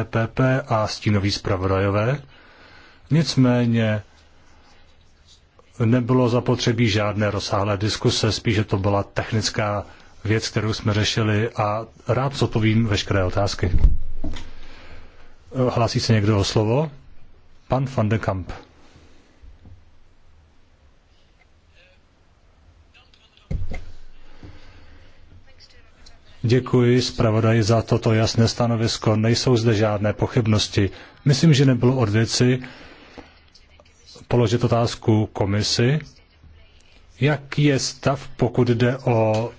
EPP a stínoví zpravodajové. Nicméně nebylo zapotřebí žádné rozsáhlé diskuse, spíše to byla technická věc, kterou jsme řešili a rád zodpovím veškeré otázky. Hlásí se někdo o slovo? Pan van de Kamp. Děkuji zpravodaji za toto jasné stanovisko. Nejsou zde žádné pochybnosti. Myslím, že nebylo od věci položit otázku komisi, jaký je stav, pokud jde o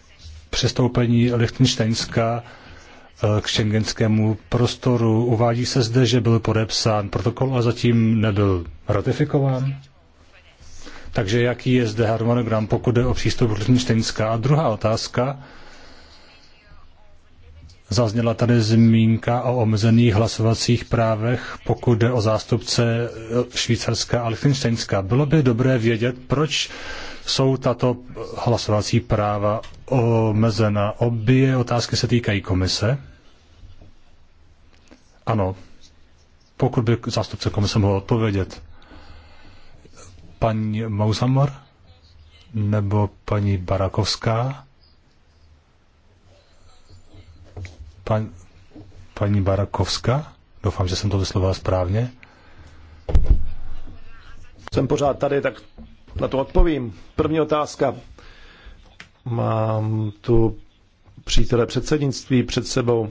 přistoupení Lichtensteinska eh, k šengenskému prostoru. Uvádí se zde, že byl podepsán protokol a zatím nebyl ratifikován. Takže jaký je zde harmonogram, pokud jde o přístup Lichtensteinska? A druhá otázka, Zazněla tady zmínka o omezených hlasovacích právech, pokud jde o zástupce eh, Švýcarska a Lichtensteinska. Bylo by dobré vědět, proč jsou tato hlasovací práva omezena. Obě otázky se týkají komise. Ano, pokud by zástupce komise mohl odpovědět. Paní Mausamor nebo paní Barakovská? Pan, paní Barakovská, doufám, že jsem to vyslovil správně. Jsem pořád tady, tak na to odpovím. První otázka. Mám tu přítele předsednictví před sebou.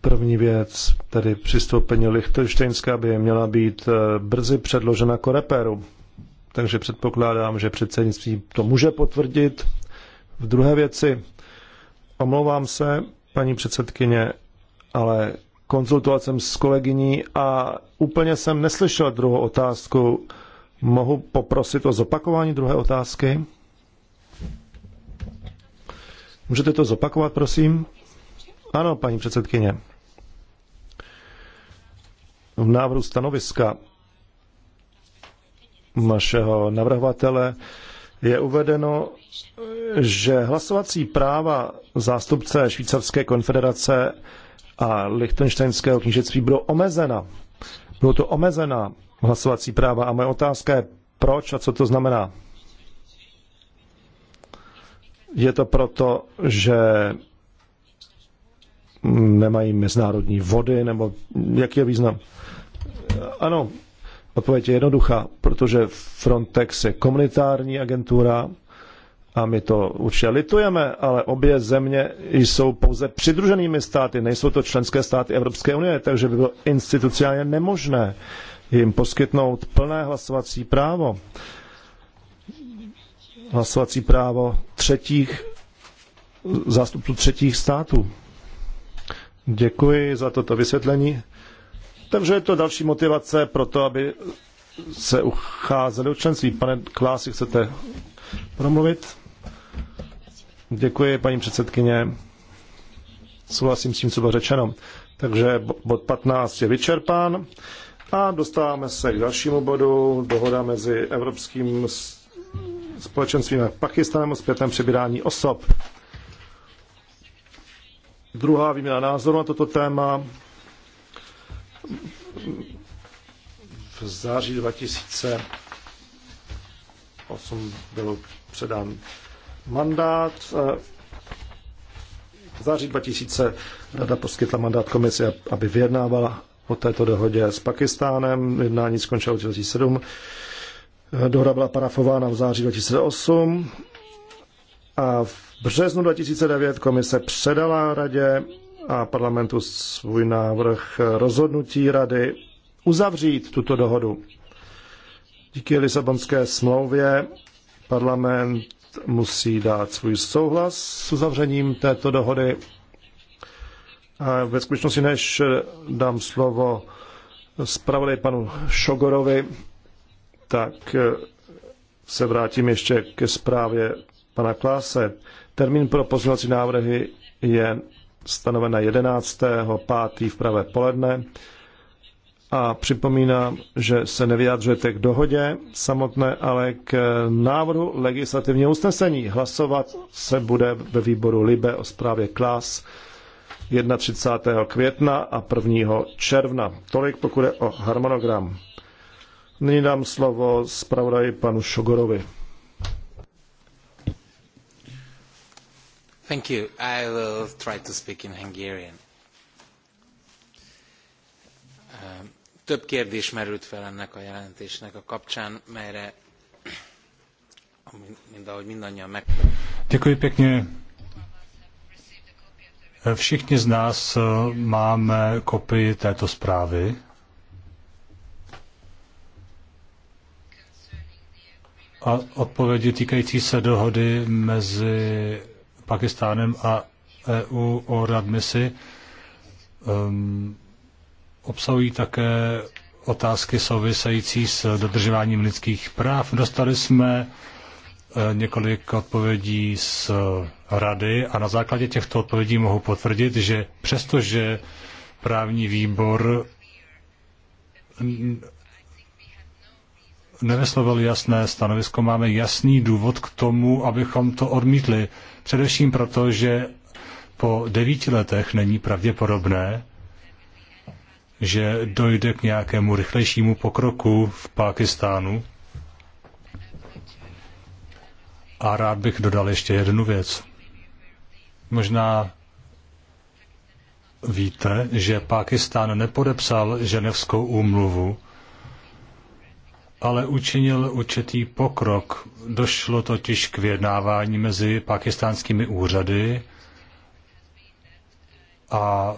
První věc, tedy přistoupení Lichtensteinska, by měla být eh, brzy předložena koreperu. Takže předpokládám, že předsednictví to může potvrdit v druhé věci, omlouvám se, paní předsedkyně, ale konzultoval jsem s kolegyní a úplně jsem neslyšel druhou otázku. Mohu poprosit o zopakování druhé otázky? Můžete to zopakovat, prosím? Ano, paní předsedkyně. V návrhu stanoviska našeho navrhovatele je uvedeno, že hlasovací práva zástupce Švýcarské konfederace a Lichtensteinského knížectví budou omezena. Budou to omezena hlasovací práva a moje otázka je, proč a co to znamená. Je to proto, že nemají mezinárodní vody, nebo jaký je význam? Ano, Odpověď je jednoduchá, protože Frontex je komunitární agentura a my to určitě litujeme, ale obě země jsou pouze přidruženými státy, nejsou to členské státy Evropské unie, takže by bylo institucionálně nemožné jim poskytnout plné hlasovací právo. Hlasovací právo třetích zástupců třetích států. Děkuji za toto vysvětlení. Takže je to další motivace pro to, aby se ucházeli o členství. Pane Klási, chcete promluvit? Děkuji, paní předsedkyně. Souhlasím s tím, co bylo řečeno. Takže bod 15 je vyčerpán a dostáváme se k dalšímu bodu. Dohoda mezi Evropským společenstvím a Pakistanem o zpětném přebírání osob. Druhá výměna názoru na toto téma v září 2008 byl předán mandát. V září 2000 rada poskytla mandát komisi, aby vyjednávala o této dohodě s Pakistánem. Jednání skončilo v 2007. Dohoda byla parafována v září 2008 a v březnu 2009 komise předala radě a parlamentu svůj návrh rozhodnutí rady uzavřít tuto dohodu. Díky Lisabonské smlouvě parlament musí dát svůj souhlas s uzavřením této dohody. A ve skutečnosti, než dám slovo zpravodaj panu Šogorovi, tak se vrátím ještě ke zprávě pana Kláse. Termín pro pozměňovací návrhy je stanovena 11. 5. v pravé poledne a připomínám, že se nevyjadřujete k dohodě samotné, ale k návrhu legislativního usnesení. Hlasovat se bude ve výboru Libe o zprávě Klas 31. května a 1. června. Tolik pokud je o harmonogram. Nyní dám slovo zpravodaji panu Šogorovi. Több kérdés merült fel ennek a jelentésnek a kapcsán, melyre, mint ahogy mindannyian meg... Děkuji pěkně. Všichni z nás eh, máme kopii této zprávy. A odpovědi týkající se dohody mezi Pakistánem a EU o readmisi um, obsahují také otázky související s dodržováním lidských práv. Dostali jsme eh, několik odpovědí z rady a na základě těchto odpovědí mohu potvrdit, že přestože právní výbor nevyslovil jasné stanovisko, máme jasný důvod k tomu, abychom to odmítli. Především proto, že po devíti letech není pravděpodobné, že dojde k nějakému rychlejšímu pokroku v Pákistánu. A rád bych dodal ještě jednu věc. Možná víte, že Pákistán nepodepsal ženevskou úmluvu, ale učinil určitý pokrok. Došlo totiž k vyjednávání mezi pakistánskými úřady a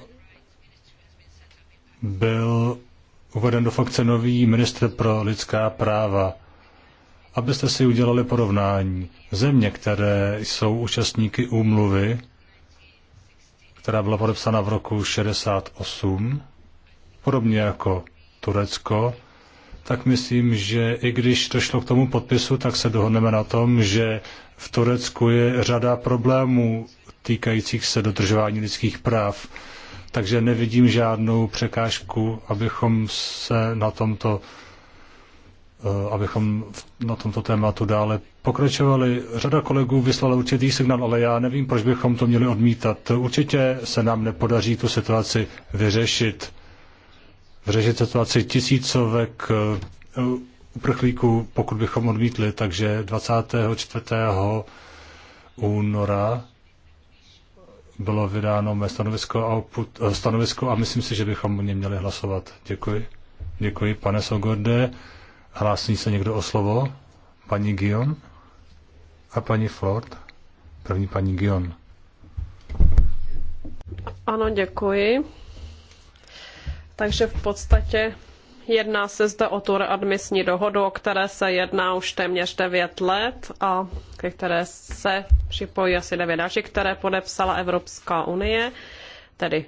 byl uveden do funkce nový ministr pro lidská práva. Abyste si udělali porovnání, země, které jsou účastníky úmluvy, která byla podepsána v roku 68, podobně jako Turecko, tak myslím, že i když došlo k tomu podpisu, tak se dohodneme na tom, že v Turecku je řada problémů týkajících se dodržování lidských práv. Takže nevidím žádnou překážku, abychom se na tomto eh, abychom na tomto tématu dále pokračovali. Řada kolegů vyslala určitý signál, ale já nevím, proč bychom to měli odmítat. Určitě se nám nepodaří tu situaci vyřešit řeži situaci tisícovek eh, uprchlíků, pokud bychom odmítli, takže 24. února bylo vydáno mé stanovisko a, oput, eh, stanovisko a myslím si, že bychom o něm měli hlasovat. Děkuji. Děkuji, pane Sogorde. Hlásí se někdo o slovo? Paní Gion a paní Ford. První paní Gion. Ano, děkuji. Takže v podstatě jedná se zde o tu readmisní dohodu, o které se jedná už téměř 9 let a ke které se připojí asi 9 dalších, které podepsala Evropská unie, tedy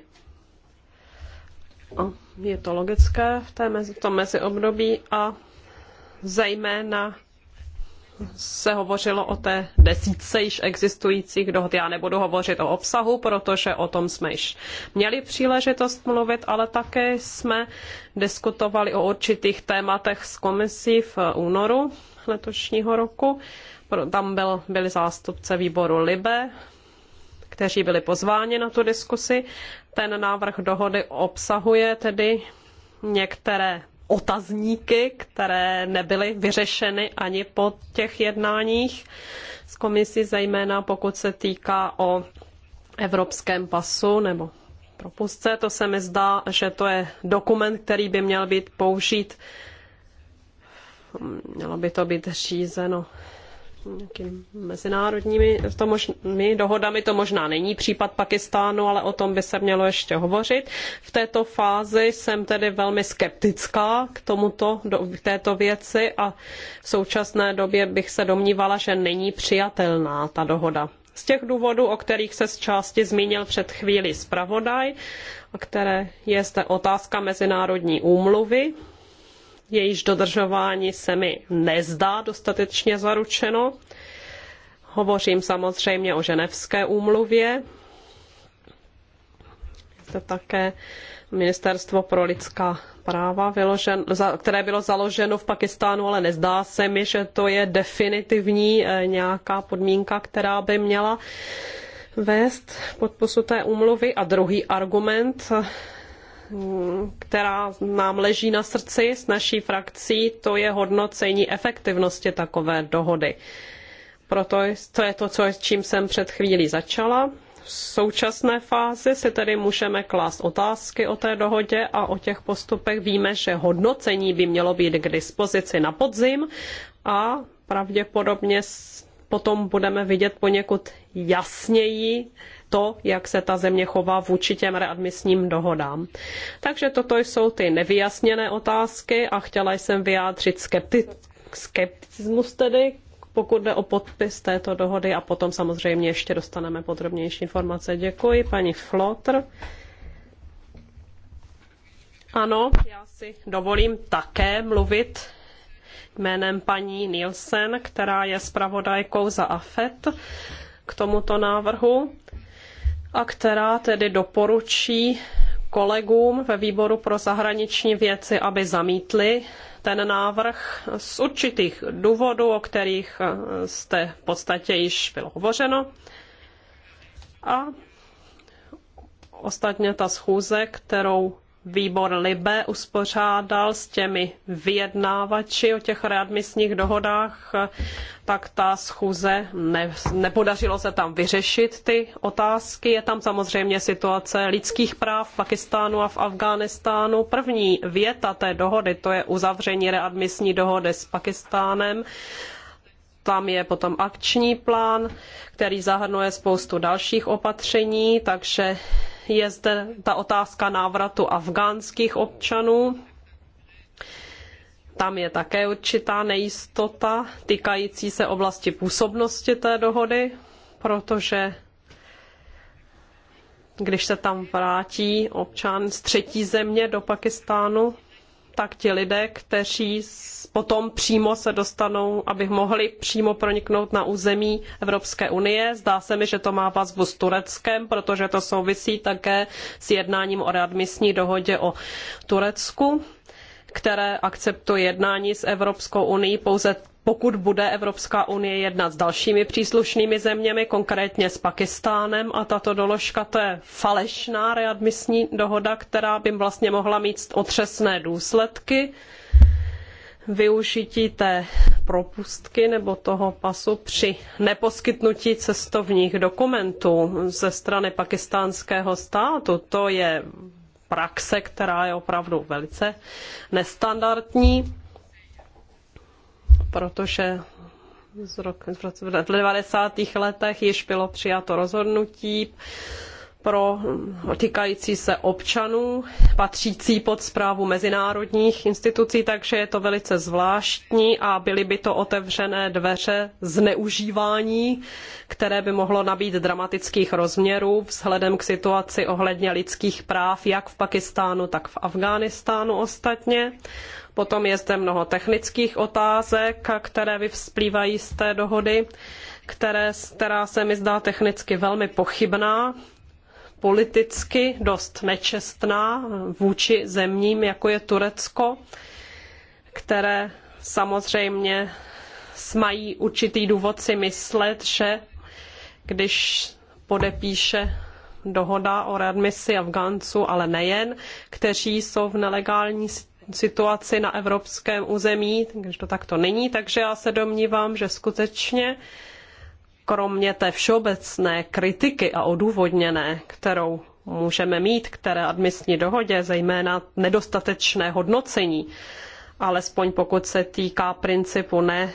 a je to logické v, té mezi, v tom meziobdobí a zejména se hovořilo o té desítce již existujících dohod. Já nebudu hovořit o obsahu, protože o tom jsme již měli příležitost mluvit, ale také jsme diskutovali o určitých tématech s komisí v únoru letošního roku. Tam byl, byli zástupce výboru Libe, kteří byli pozváni na tu diskusi. Ten návrh dohody obsahuje tedy některé otazníky, které nebyly vyřešeny ani po těch jednáních s komisí, zejména pokud se týká o evropském pasu nebo propustce. To se mi zdá, že to je dokument, který by měl být použít. Mělo by to být řízeno mezinárodními to možný, dohodami to možná není případ Pakistánu, ale o tom by se mělo ještě hovořit. V této fázi jsem tedy velmi skeptická k, tomuto, k této věci a v současné době bych se domnívala, že není přijatelná ta dohoda. Z těch důvodů, o kterých se z části zmínil před chvílí zpravodaj, a které je zde otázka mezinárodní úmluvy, jejíž dodržování se mi nezdá dostatečně zaručeno. Hovořím samozřejmě o ženevské úmluvě. Je to také Ministerstvo pro lidská práva, vyložen, které bylo založeno v Pakistánu, ale nezdá se mi, že to je definitivní eh, nějaká podmínka, která by měla vést podpisu té úmluvy. A druhý argument která nám leží na srdci s naší frakcí, to je hodnocení efektivnosti takové dohody. Proto to je to, co, čím jsem před chvílí začala. V současné fázi si tedy můžeme klást otázky o té dohodě a o těch postupech. Víme, že hodnocení by mělo být k dispozici na podzim a pravděpodobně potom budeme vidět poněkud jasněji, to, jak se ta země chová vůči těm readmisním dohodám. Takže toto jsou ty nevyjasněné otázky a chtěla jsem vyjádřit skepti- skepticismus tedy pokud jde o podpis této dohody a potom samozřejmě ještě dostaneme podrobnější informace. Děkuji, paní Flotr. Ano, já si dovolím také mluvit jménem paní Nielsen, která je zpravodajkou za AFET k tomuto návrhu a která tedy doporučí kolegům ve výboru pro zahraniční věci, aby zamítli ten návrh z určitých důvodů, o kterých eh, jste v podstatě již bylo hovořeno. A ostatně ta schůze, kterou výbor Libe uspořádal s těmi vyjednávači o těch readmisních dohodách, tak ta schůze ne, nepodařilo se tam vyřešit ty otázky. Je tam samozřejmě situace lidských práv v Pakistánu a v Afghánistánu. První věta té dohody, to je uzavření readmisní dohody s Pakistánem tam je potom akční plán, který zahrnuje spoustu dalších opatření, takže je zde ta otázka návratu afgánských občanů. Tam je také určitá nejistota týkající se oblasti působnosti té dohody, protože když se tam vrátí občan z třetí země do Pakistánu, tak ti lidé, kteří potom přímo se dostanou, aby mohli přímo proniknout na území Evropské unie. Zdá se mi, že to má vazbu s Tureckem, protože to souvisí také s jednáním o readmisní dohodě o Turecku které akceptuje jednání s Evropskou unii pouze pokud bude Evropská unie jednat s dalšími příslušnými zeměmi, konkrétně s Pakistánem a tato doložka to je falešná readmisní dohoda, která by vlastně mohla mít otřesné důsledky využití té propustky nebo toho pasu při neposkytnutí cestovních dokumentů ze strany pakistánského státu. To je praxe, která je opravdu velice nestandardní protože z roku, v 90. letech již bylo přijato rozhodnutí pro týkající se občanů, patřící pod správu mezinárodních institucí, takže je to velice zvláštní a byly by to otevřené dveře zneužívání, které by mohlo nabít dramatických rozměrů vzhledem k situaci ohledně lidských práv jak v Pakistánu, tak v Afghánistánu ostatně. Potom je zde mnoho technických otázek, které vyvzplývají z té dohody, které, která se mi zdá technicky velmi pochybná, politicky dost nečestná vůči zemím, jako je Turecko, které samozřejmě mají určitý důvod si myslet, že když podepíše dohoda o readmisi Afgánců, ale nejen, kteří jsou v nelegální situaci na evropském území, takže to takto není, takže já se domnívám, že skutečně kromě té všeobecné kritiky a odůvodněné, kterou můžeme mít k té admisní dohodě, zejména nedostatečné hodnocení, alespoň pokud se týká principu ne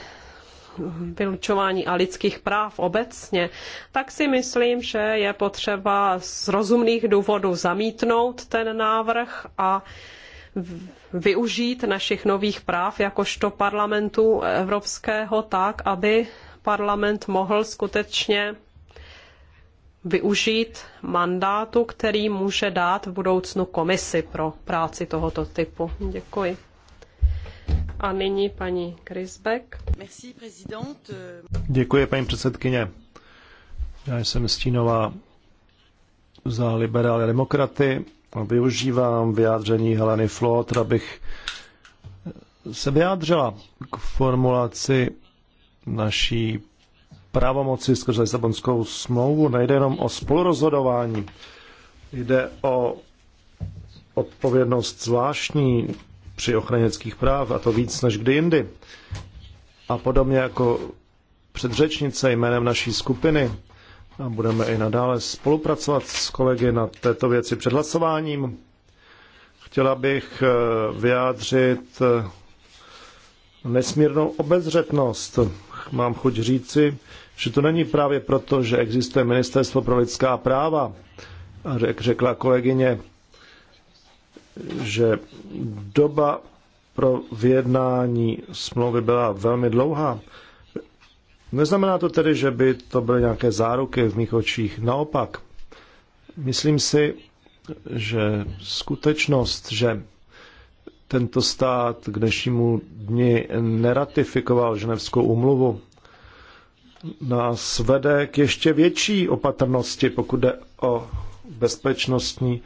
vylučování a lidských práv obecně, tak si myslím, že je potřeba z rozumných důvodů zamítnout ten návrh a využít našich nových práv jakožto parlamentu evropského tak, aby parlament mohl skutečně využít mandátu, který může dát v budoucnu komisi pro práci tohoto typu. Děkuji. A nyní paní Grisbeck. Děkuji, paní předsedkyně. Já jsem Stínová za liberály demokraty Využívám vyjádření Heleny Flot, abych se vyjádřila k formulaci naší pravomoci skrze Lisabonskou smlouvu. Nejde jenom o spolurozhodování, jde o odpovědnost zvláštní při ochraně lidských práv, a to víc než kdy jindy. A podobně jako předřečnice jménem naší skupiny a budeme i nadále spolupracovat s kolegy na této věci před hlasováním. Chtěla bych eh, vyjádřit eh, nesmírnou obezřetnost. Mám chuť říci, že to není právě proto, že existuje Ministerstvo pro lidská práva, a řekla kolegyně, že doba pro vyjednání smlouvy byla velmi dlouhá, Neznamená to tedy, že by to byly nějaké záruky v mých očích. Naopak, myslím si, že skutečnost, že tento stát k dnešnímu dni neratifikoval ženevskou úmluvu, nás vede k ještě větší opatrnosti, pokud jde o bezpečnostní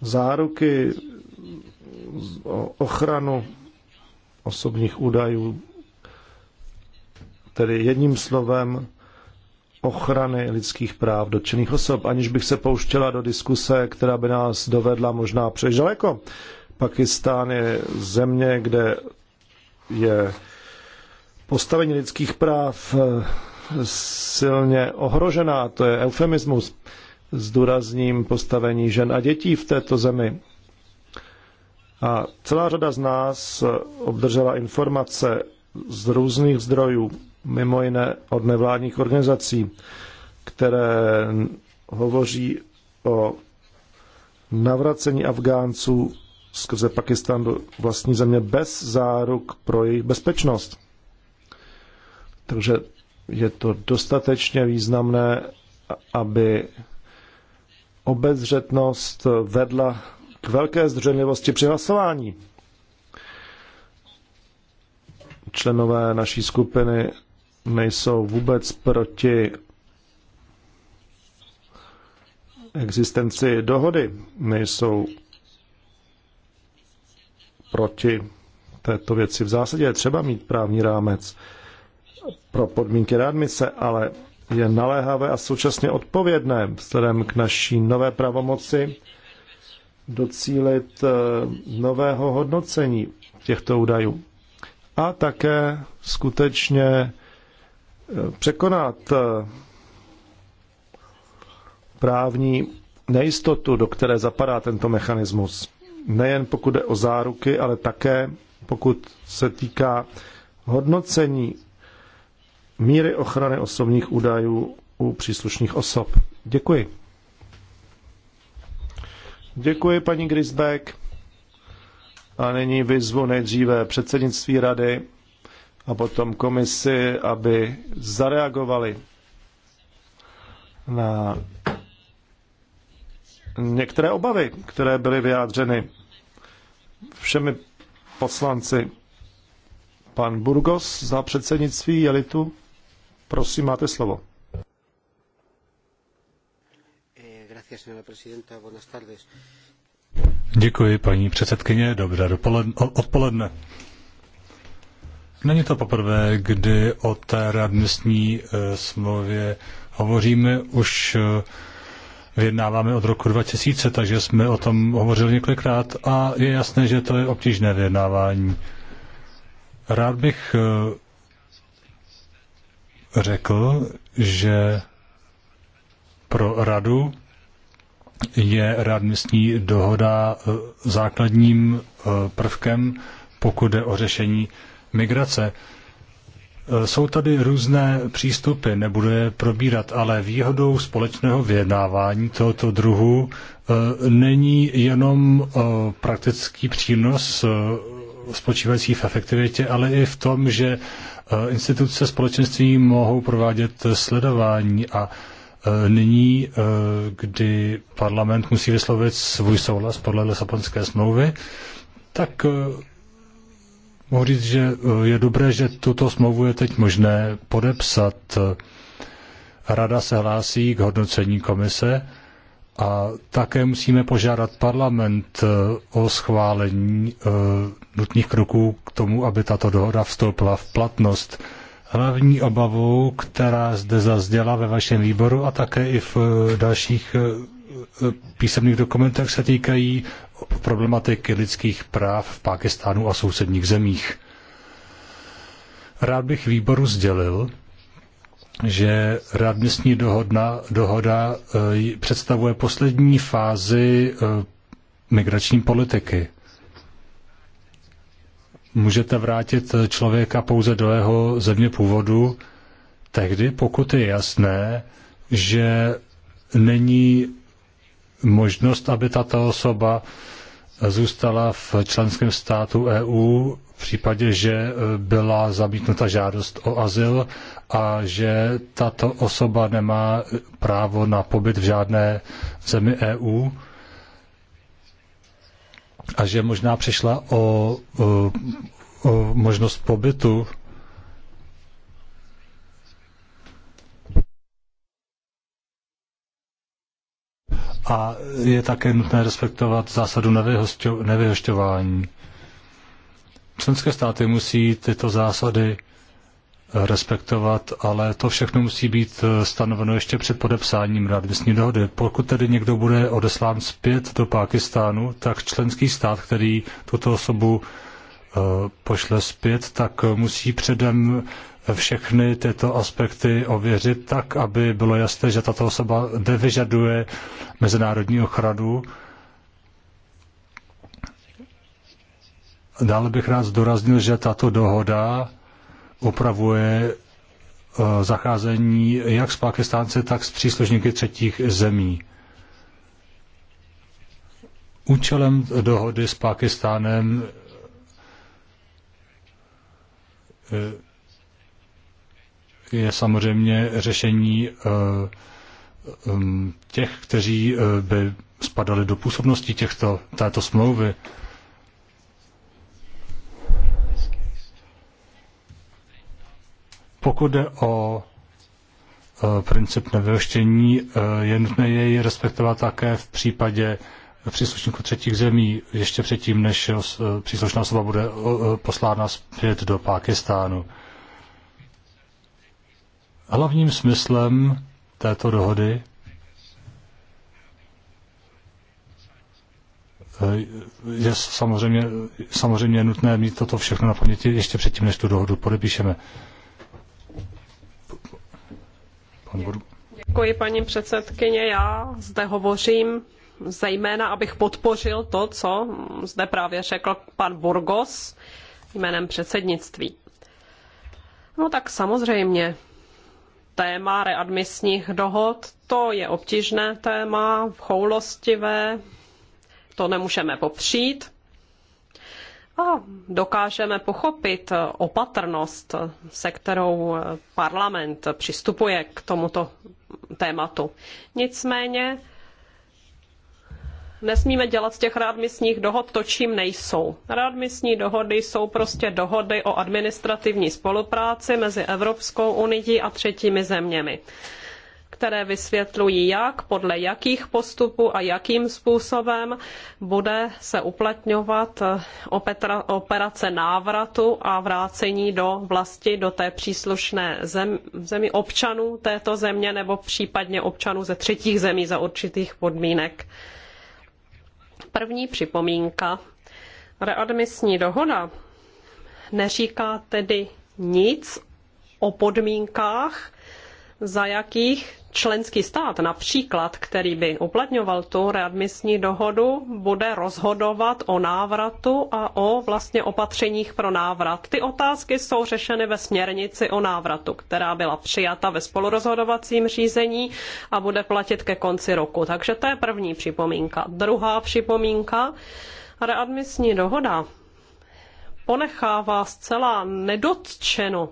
záruky, o ochranu osobních údajů tedy jedním slovem ochrany lidských práv dotčených osob, aniž bych se pouštěla do diskuse, která by nás dovedla možná příliš daleko. Pakistán je země, kde je postavení lidských práv eh, silně ohrožená, to je eufemismus, s důrazním postavení žen a dětí v této zemi. A celá řada z nás obdržela informace z různých zdrojů mimo jiné od nevládních organizací, které hovoří o navracení Afgánců skrze Pakistan do vlastní země bez záruk pro jejich bezpečnost. Takže je to dostatečně významné, aby obezřetnost vedla k velké zdřenlivosti při hlasování. Členové naší skupiny nejsou vůbec proti existenci dohody, nejsou proti této věci. V zásadě je třeba mít právní rámec pro podmínky rádmice, ale je naléhavé a současně odpovědné vzhledem k naší nové pravomoci docílit eh, nového hodnocení těchto údajů. A také skutečně překonat eh, právní nejistotu, do které zapadá tento mechanismus. Nejen pokud jde o záruky, ale také pokud se týká hodnocení míry ochrany osobních údajů u příslušných osob. Děkuji. Děkuji, paní Grisbeck. A nyní vyzvu nejdříve předsednictví rady a potom komisi, aby zareagovali na některé obavy, které byly vyjádřeny všemi poslanci. Pan Burgos za předsednictví Jelitu, prosím, máte slovo. Děkuji, paní předsedkyně. Dobré dopoledne, odpoledne. Není to poprvé, kdy o té readmisní e, smlouvě hovoříme už e, vyjednáváme od roku 2000, takže jsme o tom hovořili několikrát a je jasné, že to je obtížné vyjednávání. Rád bych e, řekl, že pro radu je readmisní dohoda základním prvkem, pokud je o řešení migrace. E, jsou tady různé přístupy, nebudu je probírat, ale výhodou společného vyjednávání tohoto druhu e, není jenom e, praktický přínos spočívající v efektivitě, ale i v tom, že instituce společenství mohou provádět sledování a nyní, kdy parlament musí vyslovit svůj souhlas podle Lisabonské smlouvy, tak mohu říct, že eh, je dobré, že tuto smlouvu je teď možné podepsat. Eh, Rada se hlásí k hodnocení komise a také musíme požádat parlament eh, o schválení nutných kroků k tomu, aby tato dohoda vstoupila v platnost. Hlavní obavou, která zde zazděla ve vašem výboru a také i v dalších písemných dokumentech se týkají problematiky lidských práv v Pákistánu a sousedních zemích. Rád bych výboru sdělil, že readmisní dohodna, dohoda eh, představuje poslední fázi eh, migrační politiky. Můžete vrátit eh, člověka pouze do jeho země původu tehdy, pokud je jasné, že není možnost, aby tato osoba zůstala v členském státu EU v případě, že e, byla zamítnuta žádost o azyl a že tato osoba nemá právo na pobyt v žádné zemi EU a že možná přišla o, o, o možnost pobytu a je také nutné respektovat zásadu nevyhošťování. Členské státy musí tyto zásady respektovat, ale to všechno musí být eh, stanoveno ještě před podepsáním readmisní dohody. Pokud tedy někdo bude odeslán zpět do Pákistánu, tak členský stát, který tuto osobu eh, pošle zpět, tak eh, musí předem všechny tyto aspekty ověřit tak, aby bylo jasné, že tato osoba nevyžaduje mezinárodní ochranu. Dále bych rád zdůraznil, že tato dohoda upravuje eh, zacházení jak s Pakistánci, tak s příslušníky třetích zemí. Účelem dohody s Pakistánem eh, je samozřejmě řešení eh, těch, kteří eh, by spadali do působnosti těchto, této smlouvy. Pokud jde o eh, princip nevyhoštění, je nutné jej respektovat také v případě příslušníků třetích zemí, ještě předtím, než příslušná osoba bude poslána zpět do Pákistánu. Hlavním smyslem této dohody eh, je samozřejmě, samozřejmě nutné mít toto všechno na paměti ještě předtím, než tu dohodu podepíšeme. Pan Děkuji, paní předsedkyně. Já zde hovořím zejména, abych podpořil to, co zde právě řekl pan Burgos jménem předsednictví. No tak samozřejmě, téma readmisních dohod, to je obtížné téma, choulostivé, to nemůžeme popřít. A dokážeme pochopit opatrnost, se kterou parlament přistupuje k tomuto tématu. Nicméně Nesmíme dělat z těch readmisních dohod to, čím nejsou. Readmisní dohody jsou prostě dohody o administrativní spolupráci mezi Evropskou unií a třetími zeměmi které vysvětlují, jak, podle jakých postupů a jakým způsobem bude se uplatňovat eh, operace návratu a vrácení do vlasti, do té příslušné zem, zemi občanů této země nebo případně občanů ze třetích zemí za určitých podmínek. První připomínka. Readmisní dohoda neříká tedy nic o podmínkách, za jakých členský stát například, který by uplatňoval tu readmisní dohodu, bude rozhodovat o návratu a o vlastně opatřeních pro návrat. Ty otázky jsou řešeny ve směrnici o návratu, která byla přijata ve spolurozhodovacím řízení a bude platit ke konci roku. Takže to je první připomínka. Druhá připomínka, readmisní dohoda ponechává zcela nedotčeno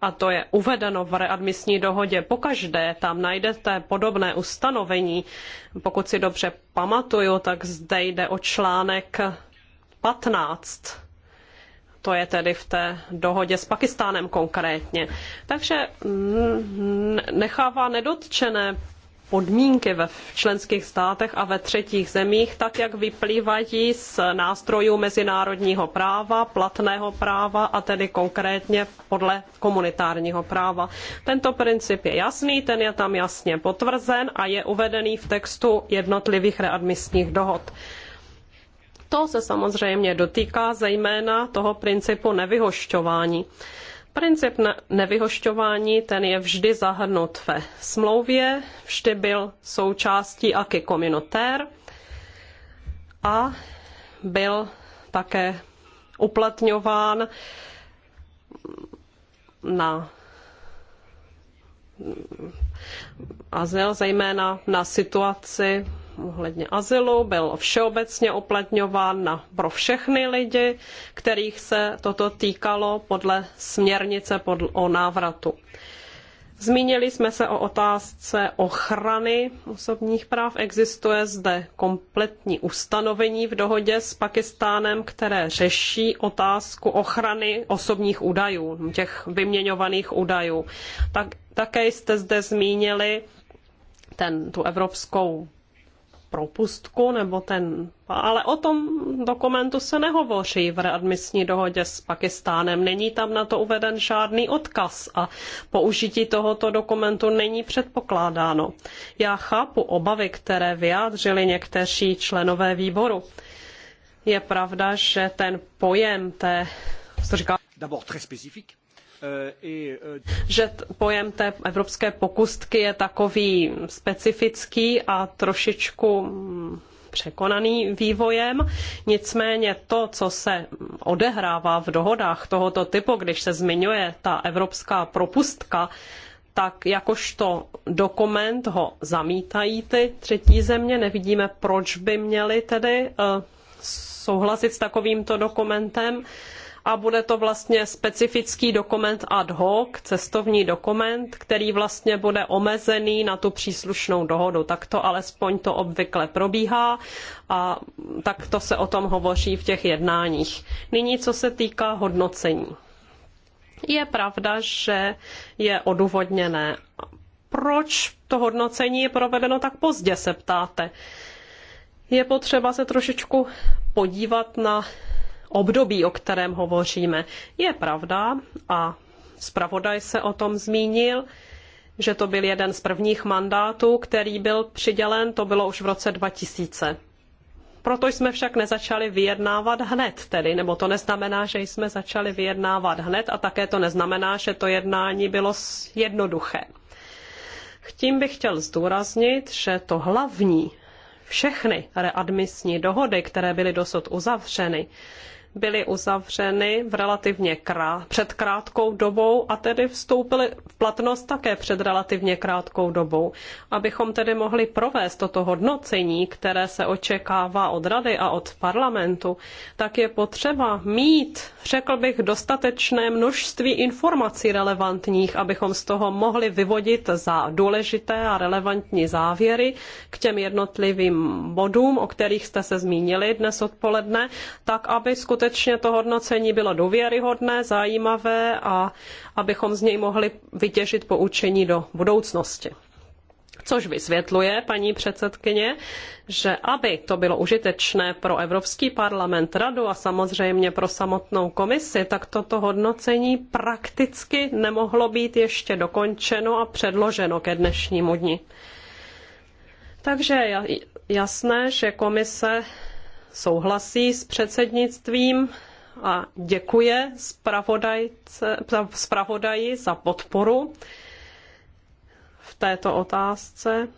a to je uvedeno v readmisní dohodě, pokaždé tam najdete podobné ustanovení. Pokud si dobře pamatuju, tak zde jde o článek 15 to je tedy v té dohodě s Pakistánem konkrétně. Takže mm, nechává nedotčené podmínky ve členských státech a ve třetích zemích, tak jak vyplývají z nástrojů mezinárodního práva, platného práva a tedy konkrétně podle komunitárního práva. Tento princip je jasný, ten je tam jasně potvrzen a je uvedený v textu jednotlivých readmisních dohod. To se samozřejmě dotýká zejména toho principu nevyhošťování. Princip nevyhošťování ten je vždy zahrnut ve smlouvě, vždy byl součástí aky communautaire a byl také uplatňován na azyl, zejména na situaci ohledně azylu byl všeobecně uplatňován na, pro všechny lidi, kterých se toto týkalo podle směrnice pod, o návratu. Zmínili jsme se o otázce ochrany osobních práv. Existuje zde kompletní ustanovení v dohodě s Pakistánem, které řeší otázku ochrany osobních údajů, těch vyměňovaných údajů. Tak, také jste zde zmínili ten, tu evropskou propustku nebo ten... Ale o tom dokumentu se nehovoří v readmisní dohodě s Pakistánem. Není tam na to uveden žádný odkaz a použití tohoto dokumentu není předpokládáno. Já chápu obavy, které vyjádřili někteří členové výboru. Je pravda, že ten pojem té... Co říká... D'abord très spécifique že pojem té evropské pokustky je takový specifický a trošičku mm, překonaný vývojem. Nicméně to, co se odehrává v dohodách tohoto typu, když se zmiňuje ta evropská propustka, tak jakožto dokument ho zamítají ty třetí země. Nevidíme, proč by měli tedy eh, souhlasit s takovýmto dokumentem a bude to vlastně specifický dokument ad hoc, cestovní dokument, který vlastně bude omezený na tu příslušnou dohodu. Tak to alespoň to obvykle probíhá a tak to se o tom hovoří v těch jednáních. Nyní, co se týká hodnocení. Je pravda, že je odůvodněné. Proč to hodnocení je provedeno tak pozdě, se ptáte. Je potřeba se trošičku podívat na období, o kterém hovoříme. Je pravda, a zpravodaj se o tom zmínil, že to byl jeden z prvních mandátů, který byl přidělen, to bylo už v roce 2000. Proto jsme však nezačali vyjednávat hned tedy, nebo to neznamená, že jsme začali vyjednávat hned a také to neznamená, že to jednání bylo jednoduché. Tím bych chtěl zdůraznit, že to hlavní, všechny readmisní dohody, které byly dosud uzavřeny, byly uzavřeny v relativně krá před krátkou dobou a tedy vstoupily v platnost také před relativně krátkou dobou. Abychom tedy mohli provést toto hodnocení, které se očekává od Rady a od parlamentu, tak je potřeba mít, řekl bych, dostatečné množství informací relevantních, abychom z toho mohli vyvodit za důležité a relevantní závěry k těm jednotlivým bodům, o kterých jste se zmínili dnes odpoledne, tak aby skutečně skutečně to hodnocení bylo důvěryhodné, zajímavé a abychom z něj mohli vytěžit poučení do budoucnosti. Což vysvětluje, paní předsedkyně, že aby to bylo užitečné pro Evropský parlament, radu a samozřejmě pro samotnou komisi, tak toto hodnocení prakticky nemohlo být ještě dokončeno a předloženo ke dnešnímu dni. Takže jasné, že komise souhlasí s předsednictvím a děkuje zpravodaji za podporu v této otázce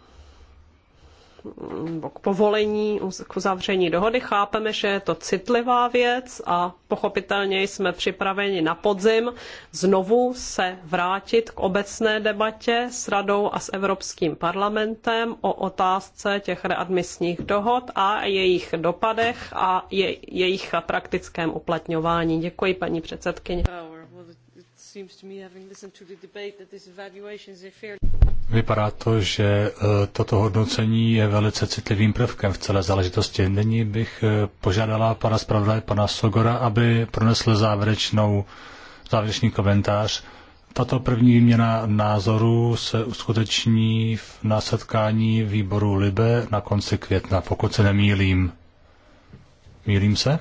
k povolení, k uzavření dohody. Chápeme, že je to citlivá věc a pochopitelně jsme připraveni na podzim znovu se vrátit k obecné debatě s radou a s Evropským parlamentem o otázce těch readmisních dohod a jejich dopadech a je, jejich praktickém uplatňování. Děkuji, paní předsedkyně. Vypadá to, že e, toto hodnocení je velice citlivým prvkem v celé záležitosti. Nyní bych e, požádala pana zpravodaje, pana Sogora, aby pronesl závěrečnou, závěrečný komentář. Tato první výměna názorů se uskuteční v setkání výboru Libe na konci května, pokud se nemýlím. Mýlím se?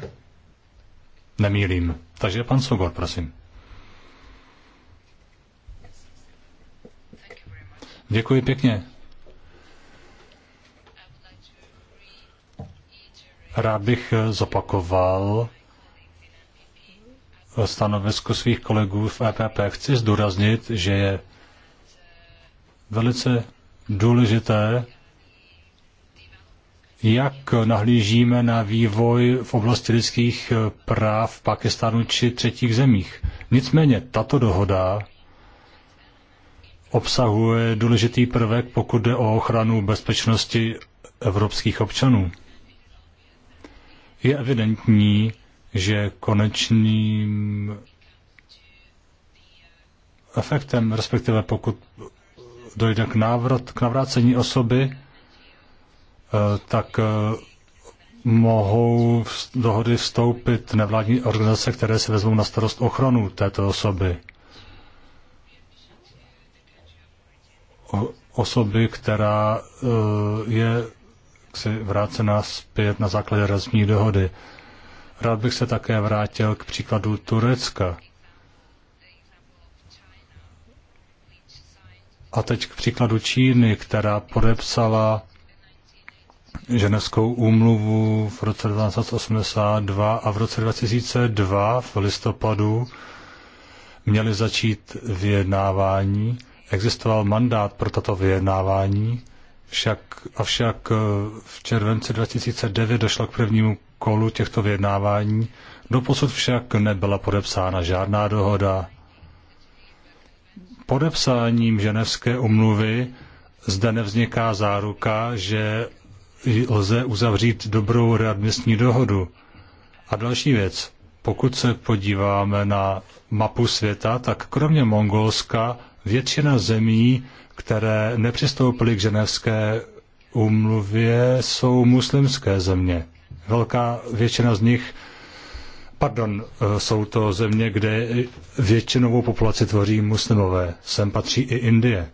Nemýlím. Takže pan Sogor, prosím. Děkuji pěkně. Rád bych eh, zopakoval eh, stanovisko svých kolegů v EPP. Chci zdůraznit, že je velice důležité, jak nahlížíme na vývoj v oblasti lidských eh, práv v Pakistánu či třetích zemích. Nicméně tato dohoda obsahuje důležitý prvek, pokud jde o ochranu bezpečnosti evropských občanů. Je evidentní, že konečným efektem, respektive pokud dojde k, návrat, k navrácení osoby, eh, tak eh, mohou v dohody vstoupit nevládní organizace, které se vezmou na starost ochranu této osoby. osoby, která eh, je si vrácena zpět na základě razní dohody. Rád bych se také vrátil k příkladu Turecka. A teď k příkladu Číny, která podepsala ženevskou úmluvu v roce 1982 a v roce 2002 v listopadu měly začít vyjednávání existoval mandát pro tato vyjednávání, však, avšak eh, v červenci 2009 došlo k prvnímu kolu těchto vyjednávání, doposud však nebyla podepsána žádná dohoda. Podepsáním ženevské umluvy zde nevzniká záruka, že lze uzavřít dobrou readmisní dohodu. A další věc, pokud se podíváme na mapu světa, tak kromě Mongolska Většina zemí, které nepřistoupily k ženevské úmluvě, jsou muslimské země. Velká většina z nich, pardon, eh, jsou to země, kde většinovou populaci tvoří muslimové. Sem patří i Indie.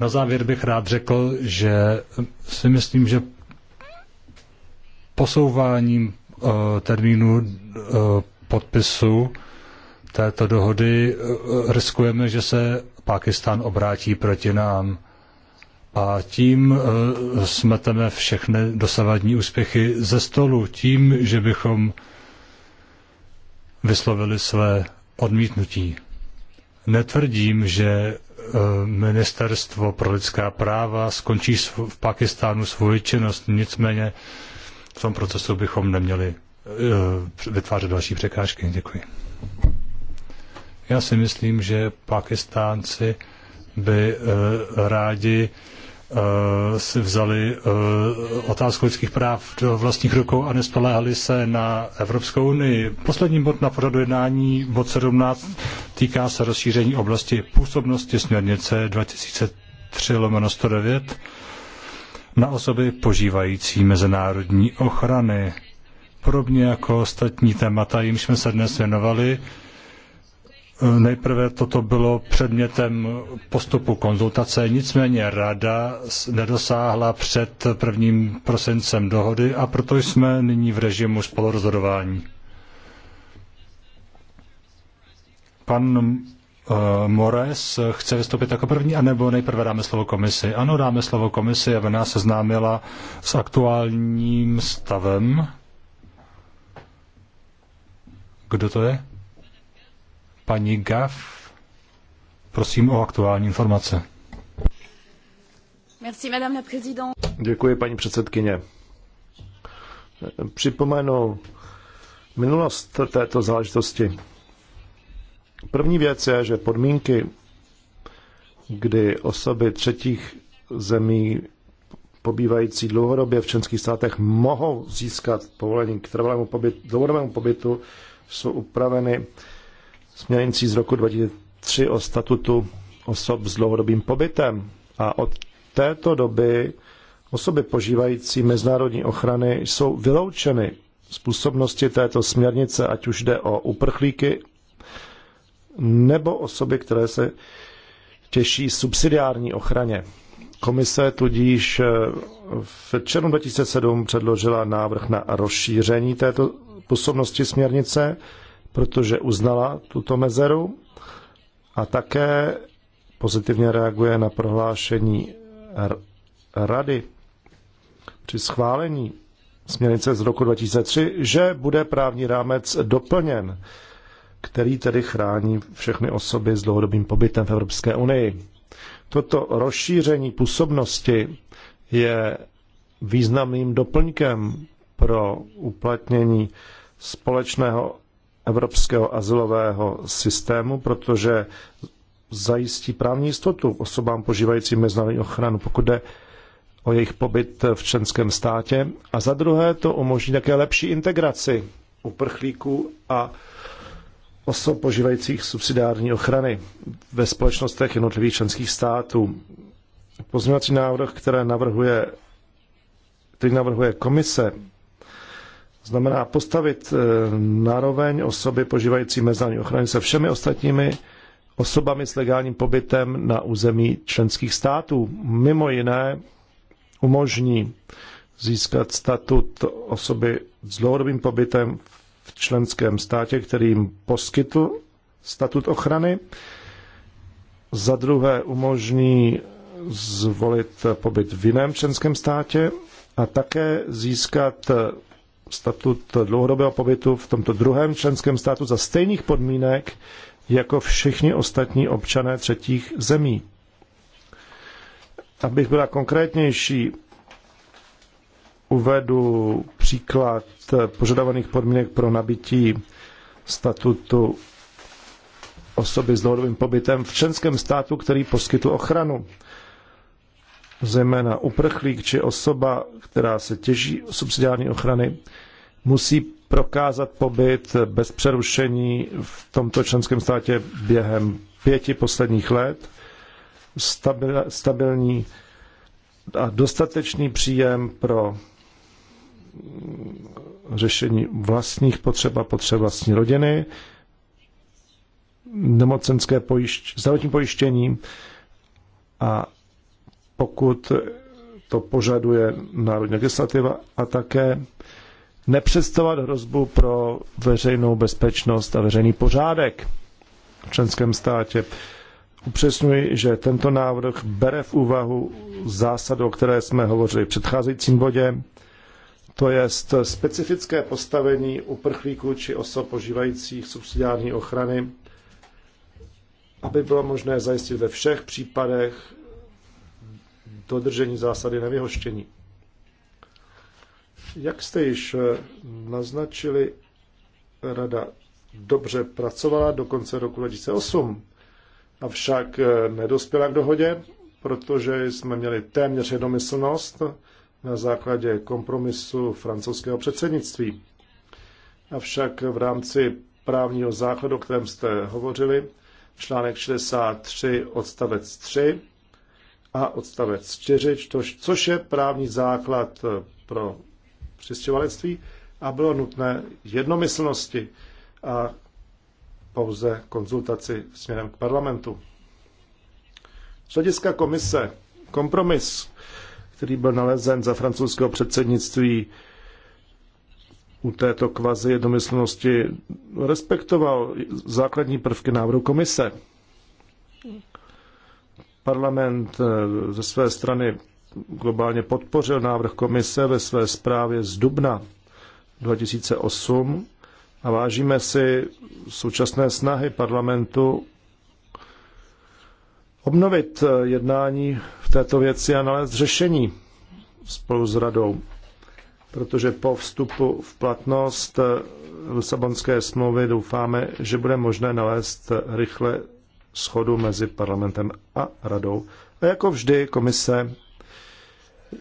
Na závěr bych rád řekl, že si myslím, že posouváním eh, termínu eh, podpisu této dohody e, riskujeme, že se Pákistán obrátí proti nám. A tím e, smeteme všechny dosavadní úspěchy ze stolu, tím, že bychom vyslovili své odmítnutí. Netvrdím, že e, ministerstvo pro lidská práva skončí v Pakistánu svoji činnost, nicméně v tom procesu bychom neměli Eh, vytvářet další překážky. Děkuji. Já si myslím, že Pakistánci by eh, rádi eh, si vzali otázku lidských práv do vlastních rukou a nespoléhali se na Evropskou unii. Poslední bod na pořadu jednání, bod 17, týká se rozšíření oblasti působnosti směrnice 2003 109 na osoby požívající mezinárodní ochrany podobně jako ostatní témata, jimž jsme se dnes věnovali. Nejprve toto bylo předmětem postupu konzultace, nicméně rada nedosáhla před prvním prosincem dohody a proto jsme nyní v režimu spolurozhodování. Pan eh, Mores chce vystoupit jako první, anebo nejprve dáme slovo komisi? Ano, dáme slovo komisi, aby nás seznámila s aktuálním stavem. Kdo to je? Paní Gaf? Prosím o aktuální informace. Merci, madame la Děkuji, paní předsedkyně. Připomenu minulost této záležitosti. První věc je, že podmínky, kdy osoby třetích zemí pobývající dlouhodobě v členských státech mohou získat povolení k trvalému pobytu, dlouhodobému pobytu, jsou upraveny směrnicí z roku 2003 o statutu osob s dlouhodobým pobytem a od této doby osoby požívající mezinárodní ochrany jsou vyloučeny z působnosti této směrnice, ať už jde o uprchlíky nebo osoby, které se těší subsidiární ochraně. Komise tudíž v červnu 2007 předložila návrh na rozšíření této působnosti směrnice, protože uznala tuto mezeru a také pozitivně reaguje na prohlášení rady při schválení směrnice z roku 2003, že bude právní rámec doplněn, který tedy chrání všechny osoby s dlouhodobým pobytem v Evropské unii. Toto rozšíření působnosti je významným doplňkem pro uplatnění společného evropského azylového systému, protože zajistí právní jistotu osobám požívajícím mezinárodní ochranu, pokud jde o jejich pobyt v členském státě. A za druhé to umožní také lepší integraci uprchlíků a osob požívajících subsidiární ochrany ve společnostech jednotlivých členských států. Pozměňovací návrh, které navrhuje, který navrhuje komise, znamená postavit eh, nároveň osoby požívající mezinárodní ochrany se všemi ostatními osobami s legálním pobytem na území členských států. Mimo jiné umožní získat statut osoby s dlouhodobým pobytem v členském státě, který jim poskytl statut ochrany. Za druhé umožní zvolit pobyt v jiném členském státě a také získat statut dlouhodobého pobytu v tomto druhém členském státu za stejných podmínek jako všichni ostatní občané třetích zemí. Abych byla konkrétnější, uvedu příklad požadovaných podmínek pro nabití statutu osoby s dlouhodobým pobytem v členském státu, který poskytl ochranu zejména uprchlík či osoba, která se těží subsidiární ochrany, musí prokázat pobyt bez přerušení v tomto členském státě během pěti posledních let, stabilní a dostatečný příjem pro řešení vlastních potřeb a potřeb vlastní rodiny, nemocenské pojišť, zdravotní pojištění a pokud to požaduje národní legislativa a také nepředstavovat hrozbu pro veřejnou bezpečnost a veřejný pořádek v členském státě. Upřesňuji, že tento návrh bere v úvahu zásadu, o které jsme hovořili v předcházejícím bodě, to je specifické postavení uprchlíků či osob požívajících subsidiární ochrany, aby bylo možné zajistit ve všech případech dodržení zásady nevyhoštění. Jak jste již eh, naznačili, rada dobře pracovala do konce roku 2008, avšak eh, nedospěla k dohodě, protože jsme měli téměř jednomyslnost na základě kompromisu francouzského předsednictví. Avšak v rámci právního základu, o kterém jste hovořili, článek 63 odstavec 3 a odstavec 4, což, je právní základ eh, pro přistěvalectví a bylo nutné jednomyslnosti a pouze konzultaci směrem k parlamentu. Z hlediska komise kompromis, který byl nalezen za francouzského předsednictví u této kvazi jednomyslnosti, respektoval základní prvky návrhu komise. Parlament eh, ze své strany globálně podpořil návrh komise ve své zprávě z dubna 2008 a vážíme si současné snahy parlamentu obnovit eh, jednání v této věci a nalézt řešení spolu s radou, protože po vstupu v platnost eh, Lisabonské smlouvy doufáme, že bude možné nalézt rychle schodu mezi parlamentem a radou. A jako vždy komise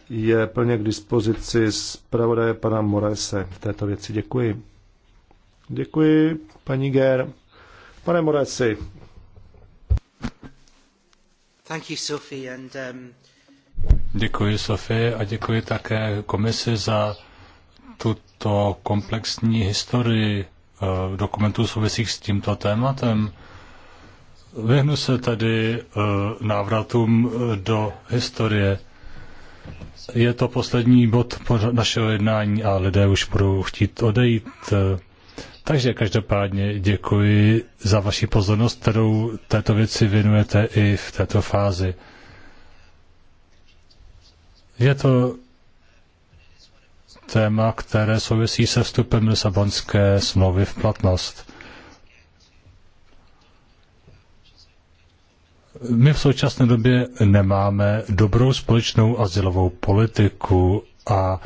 je plně k dispozici zpravodaje pana Morese v této věci. Děkuji. Děkuji, paní Ger. Pane Moresi. Thank you, Sophie, and, um... Děkuji, Sofie, a děkuji také komisi za tuto komplexní historii eh, dokumentů souvisích s tímto tématem. Vyhnu se tedy eh, návratům eh, do historie. Je to poslední bod našeho jednání a lidé už budou chtít odejít. Takže každopádně děkuji za vaši pozornost, kterou této věci věnujete i v této fázi. Je to téma, které souvisí se vstupem Lisabonské smlouvy v platnost. My v současné době nemáme dobrou společnou asilovou politiku a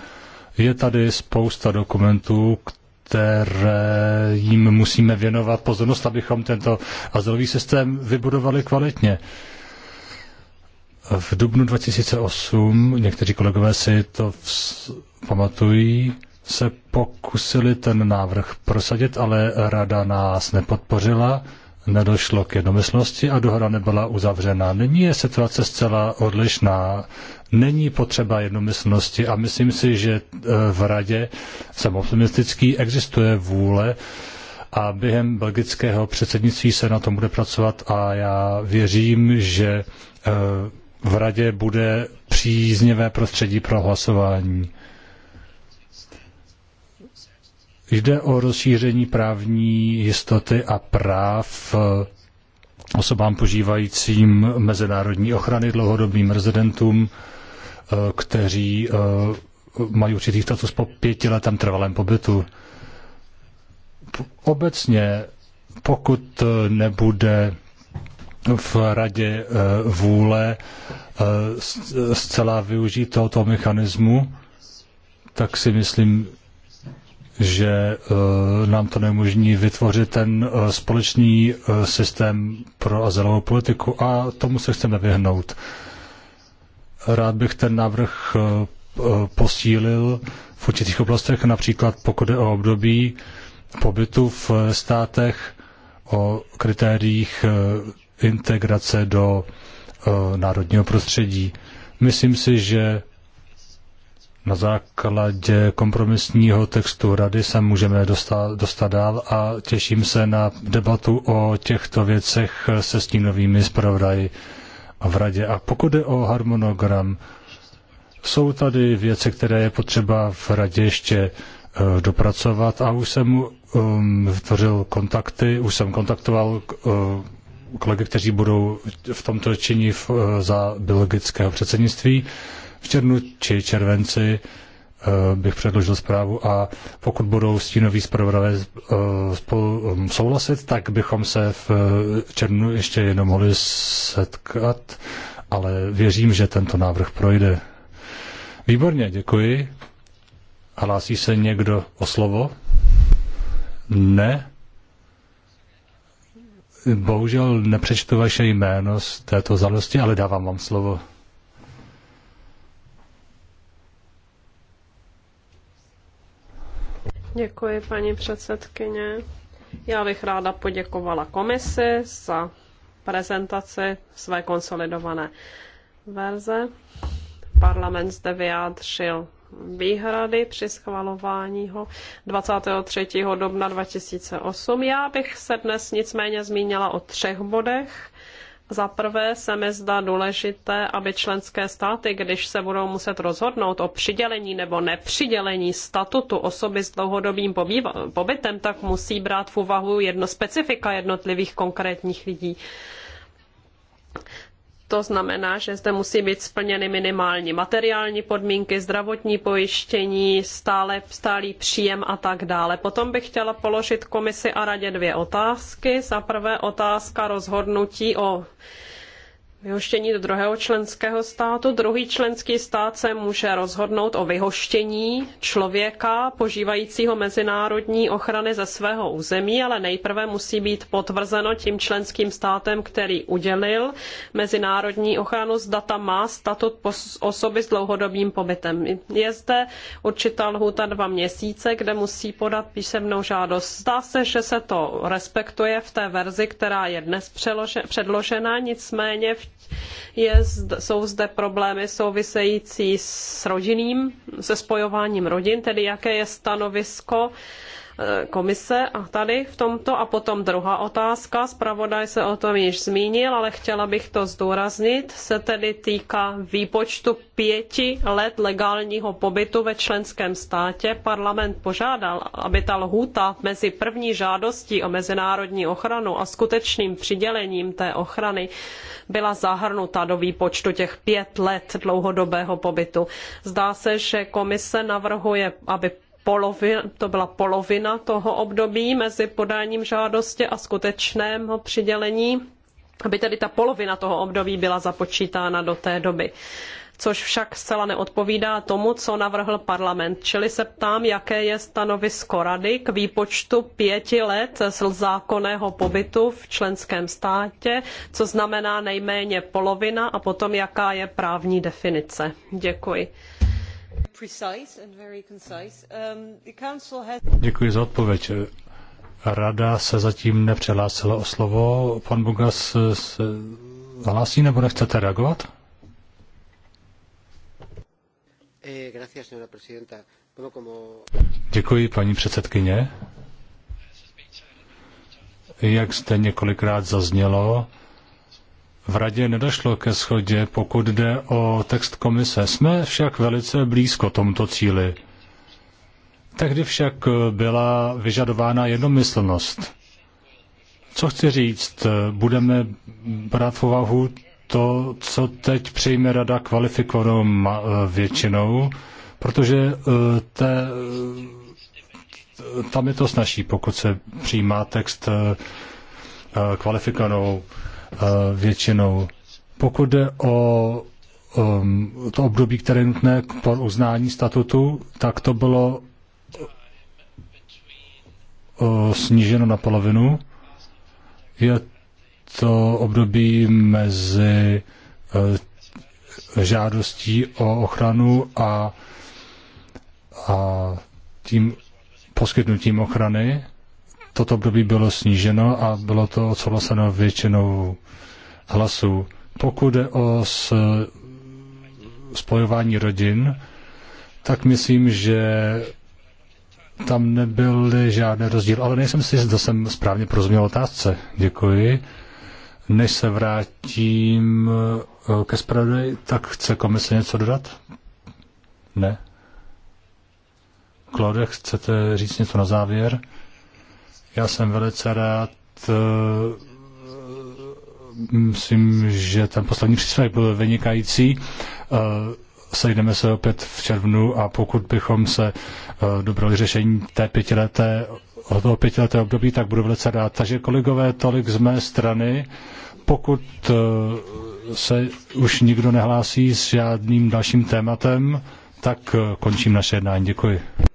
je tady spousta dokumentů, které jim musíme věnovat pozornost, abychom tento azylový systém vybudovali kvalitně. V dubnu 2008, někteří kolegové si to pamatují, se pokusili ten návrh prosadit, ale rada nás nepodpořila nedošlo k jednomyslnosti a dohoda nebyla uzavřena. Nyní je situace zcela odlišná. Není potřeba jednomyslnosti a myslím si, že e, v radě, jsem optimistický, existuje vůle a během belgického předsednictví se na tom bude pracovat a já věřím, že e, v radě bude příznivé prostředí pro hlasování. Jde o rozšíření právní jistoty a práv eh, osobám požívajícím mezinárodní ochrany, dlouhodobým rezidentům, eh, kteří eh, mají určitý status po letem trvalém pobytu. Obecně, pokud nebude v radě vůle zcela využít tohoto mechanismu, tak si myslím, že eh, nám to neumožní vytvořit ten eh, společný eh, systém pro azylovou politiku a tomu se chceme vyhnout. Rád bych ten návrh posílil v určitých oblastech, například pokud je o období pobytu v státech, o kritériích integrace do národního prostředí. Myslím si, že na základě kompromisního textu rady se můžeme dostat, dostat dál a těším se na debatu o těchto věcech se stínovými zpravodaji v radě. A pokud je o harmonogram, jsou tady věci, které je potřeba v radě ještě eh, dopracovat a už jsem um, vytvořil kontakty, už jsem kontaktoval uh, kolegy, kteří budou v tomto činí uh, za biologického předsednictví. Uh, v červnu či červenci eh, bych předložil zprávu a pokud budou stínoví zpravodavé eh, hm, souhlasit, tak bychom se v eh, červnu ještě jenom mohli setkat, ale věřím, že tento návrh projde. Výborně, děkuji. Hlásí se někdo o slovo? Ne? Bohužel nepřečtu vaše jméno z této zalosti, ale dávám vám slovo. Děkuji, paní předsedkyně. Já bych ráda poděkovala komisi za prezentaci své konsolidované verze. Parlament zde vyjádřil výhrady při schvalování ho 23. dubna 2008. Já bych se dnes nicméně zmínila o třech bodech, za prvé se mi zdá důležité, aby členské státy, když se budou muset rozhodnout o přidělení nebo nepřidělení statutu osoby s dlouhodobým pobytem, tak musí brát v úvahu jedno specifika jednotlivých konkrétních lidí. To znamená, že zde musí být splněny minimální materiální podmínky, zdravotní pojištění, stále, stálý příjem a tak dále. Potom bych chtěla položit komisi a radě dvě otázky. Za prvé otázka rozhodnutí o vyhoštění do druhého členského státu. Druhý členský stát se může rozhodnout o vyhoštění člověka požívajícího mezinárodní ochrany ze svého území, ale nejprve musí být potvrzeno tím členským státem, který udělil mezinárodní ochranu. Zda tam má statut osoby s dlouhodobým pobytem. Je zde určitá lhůta dva měsíce, kde musí podat písemnou žádost. Zdá se, že se to respektuje v té verzi, která je dnes předložena, nicméně v je, jsou zde problémy související s rodinným, se spojováním rodin, tedy jaké je stanovisko E, komise a tady v tomto. A potom druhá otázka, zpravodaj se o tom již zmínil, ale chtěla bych to zdůraznit, se tedy týká výpočtu pěti let legálního pobytu ve členském státě. Parlament požádal, aby ta lhůta mezi první žádostí o mezinárodní ochranu a skutečným přidělením té ochrany byla zahrnuta do výpočtu těch pět let dlouhodobého pobytu. Zdá se, že komise navrhuje, aby polovin, to byla polovina toho období mezi podáním žádosti a skutečném přidělení, aby tedy ta polovina toho období byla započítána do té doby což však zcela neodpovídá tomu, co navrhl parlament. Čili se ptám, jaké je stanovisko rady k výpočtu pěti let zákonného pobytu v členském státě, co znamená nejméně polovina a potom jaká je právní definice. Děkuji. Um, Děkuji za odpověď. Rada se zatím nepřihlásila o slovo. Pan Bugas se hlásí nebo nechcete reagovat? Eh, Děkuji, paní předsedkyně. Jak zde několikrát zaznělo, v radě nedošlo ke schodě, pokud jde o text komise. Jsme však velice blízko tomuto cíli. Tehdy však byla vyžadována jednomyslnost. Co chci říct, budeme brát v úvahu to, co teď přijme rada kvalifikovanou většinou, protože eh, te, eh, tam je to snaží, pokud se přijímá text eh, kvalifikovanou Eh, většinou. Pokud jde o um, to období, které je nutné pro uznání statutu, tak to bylo uh, sníženo na polovinu. Je to období mezi uh, žádostí o ochranu a, a tím poskytnutím ochrany toto období bylo sníženo a bylo to odsouhlaseno většinou hlasů. Pokud jde o spojování rodin, tak myslím, že tam nebyl žádný rozdíl, ale nejsem si, zda jsem správně porozuměl otázce. Děkuji. Než se vrátím eh, ke zpravodaji, tak chce komise něco dodat? Ne? Klode, chcete říct něco na závěr? Já jsem velice rád. Eh, myslím, že ten poslední příspěvek byl vynikající. Eh, sejdeme se opět v červnu a pokud bychom se eh, dobrali řešení té pětileté, toho pětileté období, tak budu velice rád. Takže kolegové, tolik z mé strany. Pokud se už nikdo nehlásí s žádným dalším tématem, tak končím naše jednání. Děkuji.